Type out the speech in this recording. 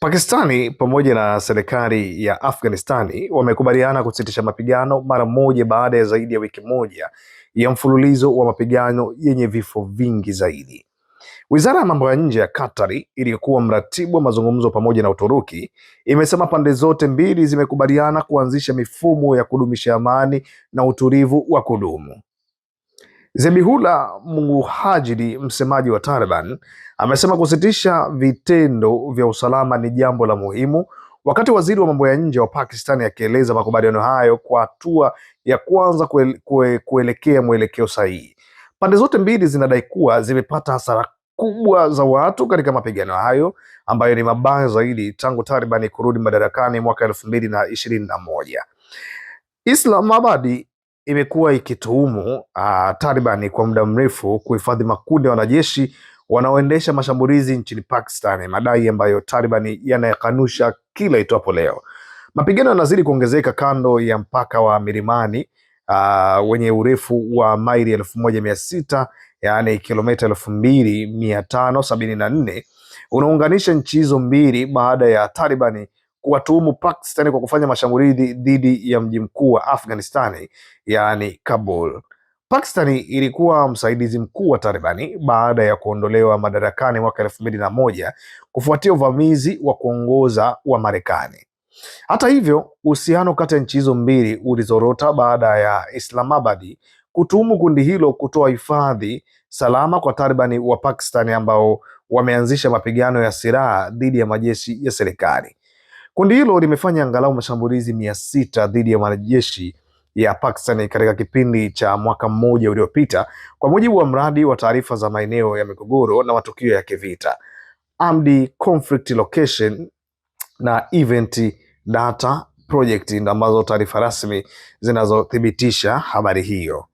Pakistani pamoja na serikali ya Afghanistani wamekubaliana kusitisha mapigano mara moja baada ya zaidi ya wiki moja ya mfululizo wa mapigano yenye vifo vingi zaidi. Wizara ya mambo ya nje ya Katari iliyokuwa mratibu wa mazungumzo pamoja na Uturuki imesema pande zote mbili zimekubaliana kuanzisha mifumo ya kudumisha amani na utulivu wa kudumu. Zabihullah Mujahidi, msemaji wa Taliban, amesema kusitisha vitendo vya usalama ni jambo la muhimu, wakati waziri wa mambo ya nje wa Pakistani akieleza makubaliano hayo kwa hatua ya kwanza kuele, kue, kuelekea mwelekeo sahihi. Pande zote mbili zinadai kuwa zimepata hasara kubwa za watu katika mapigano hayo ambayo ni mabaya zaidi tangu Taliban kurudi madarakani mwaka elfu mbili na ishirini na moja. Islamabad imekuwa ikituhumu uh, Taliban kwa muda mrefu kuhifadhi makundi ya wanajeshi wanaoendesha mashambulizi nchini Pakistan, madai ambayo Taliban yanayakanusha kila itwapo leo. Mapigano yanazidi kuongezeka kando ya mpaka wa milimani uh, wenye urefu wa maili elfu moja mia sita yaani kilomita elfu mbili mia tano sabini na nne unaunganisha nchi hizo mbili baada ya Taliban kuwatuhumu Pakistani kwa kufanya mashambulizi dhidi ya mji mkuu wa Afghanistani yaani Kabul. Pakistani ilikuwa msaidizi mkuu wa Talibani baada ya kuondolewa madarakani mwaka elfu mbili na moja kufuatia uvamizi wa kuongoza wa Marekani. Hata hivyo, uhusiano kati ya nchi hizo mbili ulizorota baada ya Islamabad kutuhumu kundi hilo kutoa hifadhi salama kwa Talibani wa Pakistani ambao wameanzisha mapigano ya silaha dhidi ya majeshi ya serikali. Kundi hilo limefanya angalau mashambulizi mia sita dhidi ya wanajeshi ya Pakistan katika kipindi cha mwaka mmoja uliopita, kwa mujibu wa mradi wa taarifa za maeneo ya migogoro na matukio ya kivita Amdi Conflict Location na Event Data Project, ambazo taarifa rasmi zinazothibitisha habari hiyo.